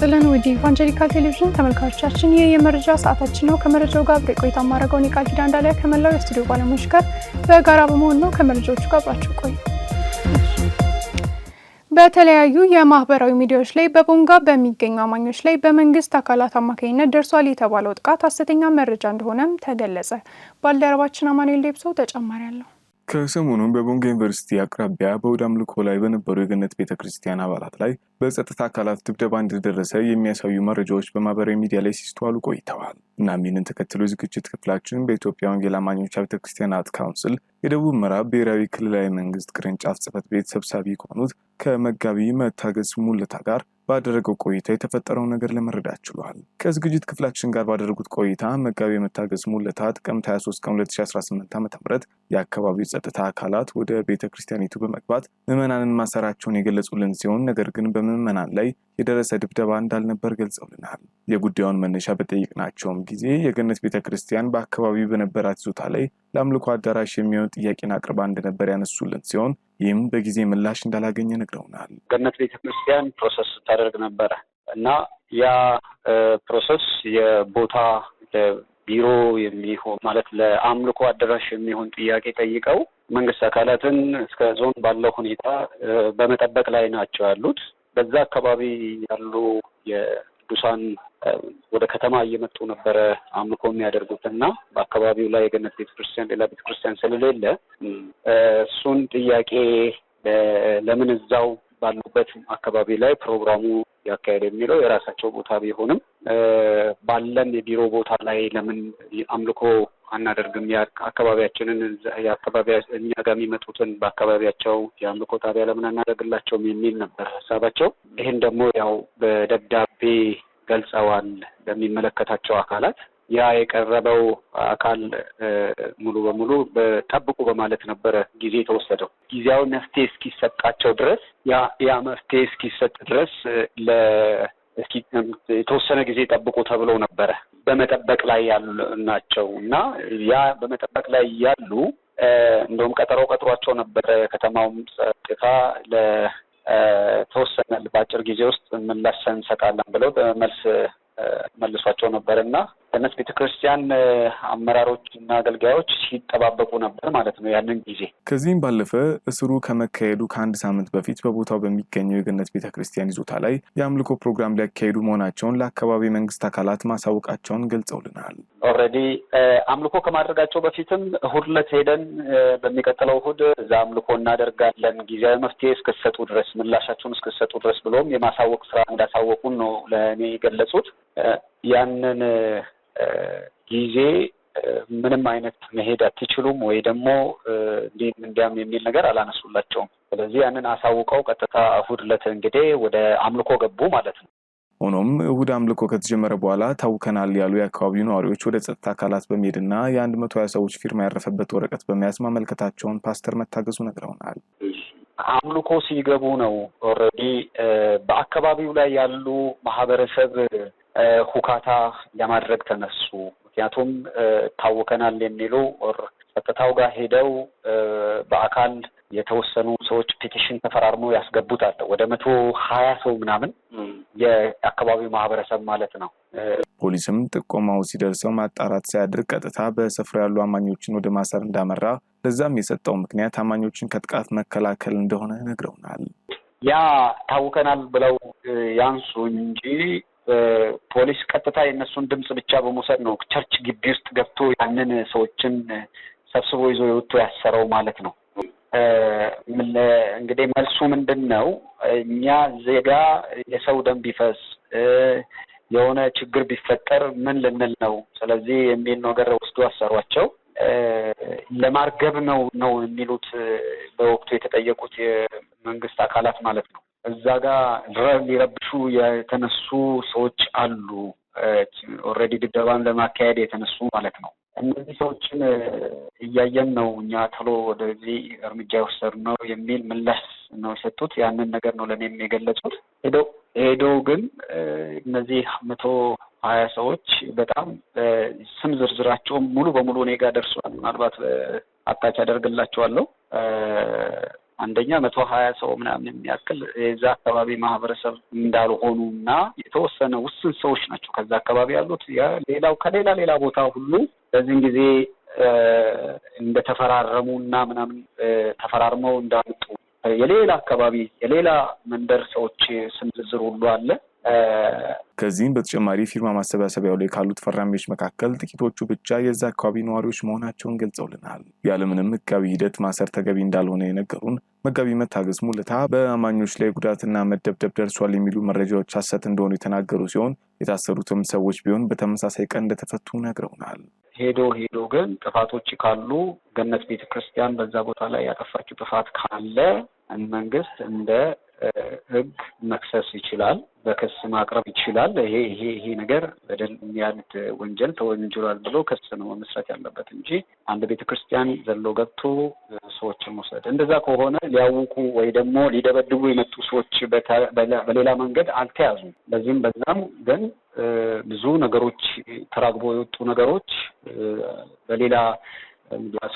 ይስጥልን ውድ ኢቫንጀሊካል ቴሌቪዥን ተመልካቾቻችን፣ ይህ የመረጃ ሰዓታችን ነው። ከመረጃው ጋር አብሬ ቆይታ ማድረገውን የቃል ኪዳን እንዳለ ከመላው የስቱዲዮ ባለሙያዎች ጋር በጋራ በመሆን ነው። ከመረጃዎቹ ጋር አብራችሁ ቆዩ። በተለያዩ የማህበራዊ ሚዲያዎች ላይ በቦንጋ በሚገኙ አማኞች ላይ በመንግስት አካላት አማካኝነት ደርሷል የተባለው ጥቃት ሐሰተኛ መረጃ እንደሆነም ተገለጸ። ባልደረባችን አማኑኤል ሌብሰው ተጨማሪ አለው። ከሰሞኑን በቦንጋ ዩኒቨርሲቲ አቅራቢያ በእሁድ አምልኮ ላይ በነበሩ የገነት ቤተ ክርስቲያን አባላት ላይ በጸጥታ አካላት ድብደባ እንደደረሰ የሚያሳዩ መረጃዎች በማህበራዊ ሚዲያ ላይ ሲስተዋሉ ቆይተዋል። እናም ይህንን ተከትሎ ዝግጅት ክፍላችን በኢትዮጵያ ወንጌል አማኞች ቤተ ክርስቲያናት ካውንስል የደቡብ ምዕራብ ብሔራዊ ክልላዊ መንግስት ቅርንጫፍ ጽህፈት ቤት ሰብሳቢ ከሆኑት ከመጋቢ መታገስ ሙልታ ጋር ባደረገው ቆይታ የተፈጠረው ነገር ለመረዳት ችሏል። ከዝግጅት ክፍላችን ጋር ባደረጉት ቆይታ መጋቢ የመታገዝ ሙለታ ጥቅምት 23 ቀን 2018 ዓ ም የአካባቢው ጸጥታ አካላት ወደ ቤተ ክርስቲያኒቱ በመግባት ምዕመናንን ማሰራቸውን የገለጹልን ሲሆን ነገር ግን በምዕመናን ላይ የደረሰ ድብደባ እንዳልነበር ገልጸውልናል። የጉዳዩን መነሻ በጠየቅናቸውም ጊዜ የገነት ቤተ ክርስቲያን በአካባቢው በነበራት ይዞታ ላይ ለአምልኮ አዳራሽ የሚሆን ጥያቄን አቅርባ እንደነበር ያነሱልን ሲሆን ይህም በጊዜ ምላሽ እንዳላገኘ ነግረውናል። ገነት ቤተክርስቲያን ፕሮሰስ ስታደርግ ነበረ እና ያ ፕሮሰስ የቦታ ቢሮ የሚሆን ማለት ለአምልኮ አዳራሽ የሚሆን ጥያቄ ጠይቀው መንግስት አካላትን እስከ ዞን ባለው ሁኔታ በመጠበቅ ላይ ናቸው ያሉት። በዛ አካባቢ ያሉ የቅዱሳን ወደ ከተማ እየመጡ ነበረ አምልኮ የሚያደርጉት እና በአካባቢው ላይ የገነት ቤተክርስቲያን ሌላ ቤተክርስቲያን ስለሌለ እሱን ጥያቄ ለምን እዛው ባሉበት አካባቢ ላይ ፕሮግራሙ ያካሄድ የሚለው የራሳቸው ቦታ ቢሆንም ባለን የቢሮ ቦታ ላይ ለምን አምልኮ አናደርግም? አካባቢያችንን የአካባቢ እኛ ጋር የሚመጡትን በአካባቢያቸው የአምልኮ ጣቢያ ለምን አናደርግላቸውም የሚል ነበር ሀሳባቸው። ይህን ደግሞ ያው በደብዳቤ ገልጸዋል ለሚመለከታቸው አካላት። ያ የቀረበው አካል ሙሉ በሙሉ ጠብቁ በማለት ነበረ ጊዜ የተወሰደው። ጊዜያዊ መፍትሄ እስኪሰጣቸው ድረስ ያ መፍትሄ እስኪሰጥ ድረስ ለ የተወሰነ ጊዜ ጠብቁ ተብሎ ነበረ። በመጠበቅ ላይ ያሉ ናቸው እና ያ በመጠበቅ ላይ ያሉ እንደውም ቀጠሮ ቀጥሯቸው ነበረ። ከተማውም ጸጥታ ተወሰነ በአጭር ጊዜ ውስጥ ምላሽ እንሰጣለን ብለው መልስ መልሷቸው ነበር እና እነሱ ቤተክርስቲያን አመራሮች እና አገልጋዮች ሲጠባበቁ ነበር ማለት ነው ያንን ጊዜ። ከዚህም ባለፈ እስሩ ከመካሄዱ ከአንድ ሳምንት በፊት በቦታው በሚገኘው የገነት ቤተክርስቲያን ይዞታ ላይ የአምልኮ ፕሮግራም ሊያካሄዱ መሆናቸውን ለአካባቢ መንግስት አካላት ማሳወቃቸውን ገልጸውልናል። ኦልሬዲ አምልኮ ከማድረጋቸው በፊትም እሁድ ዕለት ሄደን በሚቀጥለው እሁድ እዛ አምልኮ እናደርጋለን ጊዜያዊ መፍትሄ እስክሰጡ ድረስ ምላሻቸውን እስክሰጡ ድረስ ብሎም የማሳወቅ ስራ እንዳሳወቁን ነው ለእኔ የገለጹት ያንን ጊዜ ምንም አይነት መሄድ አትችሉም ወይ ደግሞ እንዲህም እንዲያም የሚል ነገር አላነሱላቸውም። ስለዚህ ያንን አሳውቀው ቀጥታ እሁድ ዕለት እንግዲህ ወደ አምልኮ ገቡ ማለት ነው። ሆኖም እሁድ አምልኮ ከተጀመረ በኋላ ታውከናል ያሉ የአካባቢው ነዋሪዎች ወደ ጸጥታ አካላት በመሄድና የአንድ መቶ ሀያ ሰዎች ፊርማ ያረፈበት ወረቀት በመያዝ ማመልከታቸውን ፓስተር መታገዙ ነግረውናል። አምልኮ ሲገቡ ነው ኦልሬዲ በአካባቢው ላይ ያሉ ማህበረሰብ ሁካታ ለማድረግ ተነሱ። ምክንያቱም ታውከናል የሚሉ ኦር ጸጥታው ጋር ሄደው በአካል የተወሰኑ ሰዎች ፔቲሽን ተፈራርሞ ያስገቡታል። ወደ መቶ ሀያ ሰው ምናምን የአካባቢው ማህበረሰብ ማለት ነው። ፖሊስም ጥቆማው ሲደርሰው ማጣራት ሲያደርግ ቀጥታ በስፍራ ያሉ አማኞችን ወደ ማሰር እንዳመራ፣ ለዛም የሰጠው ምክንያት አማኞችን ከጥቃት መከላከል እንደሆነ ነግረውናል። ያ ታውከናል ብለው ያንሱ እንጂ ፖሊስ ቀጥታ የእነሱን ድምፅ ብቻ በመውሰድ ነው ቸርች ግቢ ውስጥ ገብቶ ያንን ሰዎችን ሰብስቦ ይዞ የወጡ ያሰረው ማለት ነው። እንግዲህ መልሱ ምንድን ነው? እኛ ዜጋ የሰው ደም ቢፈስ የሆነ ችግር ቢፈጠር ምን ልንል ነው? ስለዚህ የሚል ነገር ወስዶ አሰሯቸው። ለማርገብ ነው ነው የሚሉት በወቅቱ የተጠየቁት የመንግስት አካላት ማለት ነው። እዛ ጋር ድረግ ሊረብሹ የተነሱ ሰዎች አሉ። ኦልሬዲ ድብደባን ለማካሄድ የተነሱ ማለት ነው። እነዚህ ሰዎችን እያየን ነው እኛ ቶሎ ወደዚህ እርምጃ ነው የሚል ምላሽ ነው የሰጡት። ያንን ነገር ነው ለእኔም የገለጹት። ሄደው ሄደው ግን እነዚህ መቶ ሀያ ሰዎች በጣም ስም ዝርዝራቸውም ሙሉ በሙሉ እኔ ጋር ደርሷል። ምናልባት አታች አደርግላቸዋለሁ አንደኛ መቶ ሀያ ሰው ምናምን የሚያክል የዛ አካባቢ ማህበረሰብ እንዳልሆኑ እና የተወሰነ ውስን ሰዎች ናቸው ከዛ አካባቢ ያሉት። ሌላው ከሌላ ሌላ ቦታ ሁሉ በዚህን ጊዜ እንደተፈራረሙ እና ምናምን ተፈራርመው እንዳመጡ የሌላ አካባቢ የሌላ መንደር ሰዎች ስም ዝርዝር ሁሉ አለ። ከዚህም በተጨማሪ ፊርማ ማሰባሰቢያው ላይ ካሉት ፈራሚዎች መካከል ጥቂቶቹ ብቻ የዛ አካባቢ ነዋሪዎች መሆናቸውን ገልጸውልናል። ያለምንም ሕጋዊ ሂደት ማሰር ተገቢ እንዳልሆነ የነገሩን መጋቢ መታገስ ሙልታ በአማኞች ላይ ጉዳትና መደብደብ ደርሷል የሚሉ መረጃዎች ሐሰት እንደሆኑ የተናገሩ ሲሆን የታሰሩትም ሰዎች ቢሆን በተመሳሳይ ቀን እንደተፈቱ ነግረውናል። ሄዶ ሄዶ ግን ጥፋቶች ካሉ ገነት ቤተክርስቲያን በዛ ቦታ ላይ ያጠፋችው ጥፋት ካለ መንግስት እንደ ህግ መክሰስ ይችላል፣ በክስ ማቅረብ ይችላል። ይሄ ይሄ ይሄ ነገር በደል ያሉት ወንጀል ተወንጅሏል ብሎ ክስ ነው መስራት ያለበት እንጂ አንድ ቤተ ክርስቲያን ዘሎ ገብቶ ሰዎችን መውሰድ እንደዛ ከሆነ ሊያውቁ ወይ ደግሞ ሊደበድቡ የመጡ ሰዎች በሌላ መንገድ አልተያዙም። በዚህም በዛም ግን ብዙ ነገሮች ተራግቦ የወጡ ነገሮች በሌላ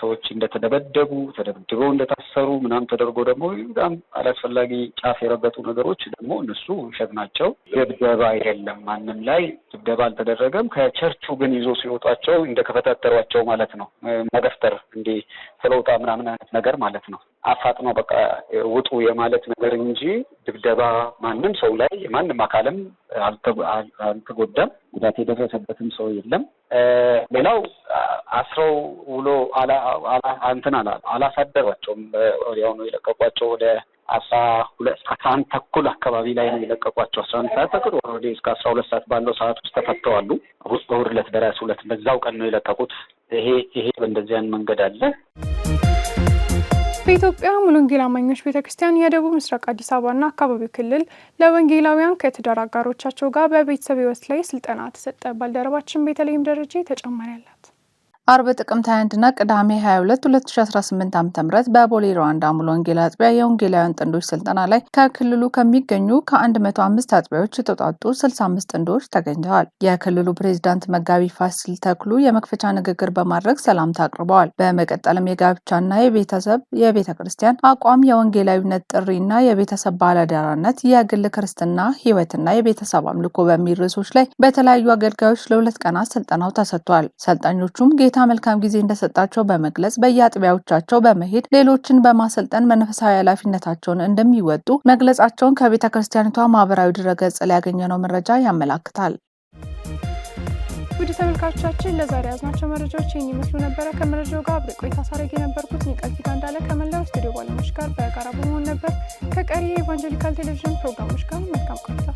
ሰዎች እንደተደበደቡ ተደብድበው እንደታሰሩ ምናምን ተደርጎ ደግሞ በጣም አላስፈላጊ ጫፍ የረገጡ ነገሮች ደግሞ እነሱ ውሸት ናቸው። ድብደባ አይደለም፣ ማንም ላይ ድብደባ አልተደረገም። ከቸርቹ ግን ይዞ ሲወጧቸው እንደከፈታተሯቸው ማለት ነው መገፍተር እንዲህ ስለውጣ ምናምን አይነት ነገር ማለት ነው። አፋጥኖ በቃ ውጡ የማለት ነገር እንጂ ድብደባ ማንም ሰው ላይ የማንም አካልም አልተጎዳም። ጉዳት የደረሰበትም ሰው የለም። ሌላው አስረው ውሎ እንትን አላሳደሯቸውም። ወዲያውኑ የለቀቋቸው ወደ አስራ ሁለት አስራ አንድ ተኩል አካባቢ ላይ ነው የለቀቋቸው። አስራ አንድ ሰዓት ተኩል ወደ እስከ አስራ ሁለት ሰዓት ባለው ሰዓት ውስጥ ተፈተዋሉ። እሑድ ዕለት በራስ ሁለት በዛው ቀን ነው የለቀቁት። ይሄ ይሄ በእንደዚያን መንገድ አለ። በኢትዮጵያ ሙሉ ወንጌል አማኞች ቤተክርስቲያን የደቡብ ምስራቅ አዲስ አበባና አካባቢው ክልል ለወንጌላውያን ከትዳር አጋሮቻቸው ጋር በቤተሰብ ሕይወት ላይ ስልጠና ተሰጠ። ባልደረባችን በተለይም ደረጀ ተጨማሪ አላት። አርብ ጥቅምት 21 እና ቅዳሜ 22 2018 ዓ.ም በቦሌ ሩዋንዳ ሙሉ ወንጌል አጥቢያ የወንጌላውያን ጥንዶች ስልጠና ላይ ከክልሉ ከሚገኙ ከ105 አጥቢያዎች የተውጣጡ 65 ጥንዶች ተገኝተዋል። የክልሉ ፕሬዚዳንት መጋቢ ፋሲል ተክሉ የመክፈቻ ንግግር በማድረግ ሰላምታ አቅርበዋል። በመቀጠልም የጋብቻና የቤተሰብ የቤተ ክርስቲያን አቋም፣ የወንጌላዊነት ጥሪና የቤተሰብ ባለዳራነት፣ የግል ክርስትና ሕይወትና የቤተሰብ አምልኮ በሚል ርዕሶች ላይ በተለያዩ አገልጋዮች ለሁለት ቀናት ስልጠናው ተሰጥቷል። ሰልጣኞቹም ጌታ መልካም ጊዜ እንደሰጣቸው በመግለጽ በየአጥቢያዎቻቸው በመሄድ ሌሎችን በማሰልጠን መንፈሳዊ ኃላፊነታቸውን እንደሚወጡ መግለጻቸውን ከቤተ ክርስቲያኒቷ ማህበራዊ ድረገጽ ላይ ያገኘነው መረጃ ያመላክታል። ውድ ተመልካቾቻችን ለዛሬ ያዝናቸው መረጃዎች ይህን ይመስሉ ነበረ። ከመረጃው ጋር አብሬ ቆይታ ሳረግ የነበርኩት ኒቀልፊታ እንዳለ ከመላው ስቱዲዮ ባለሙያዎች ጋር በጋራ በመሆን ነበር። ከቀሪ የኢቫንጀሊካል ቴሌቪዥን ፕሮግራሞች ጋር መልካም ቆይታ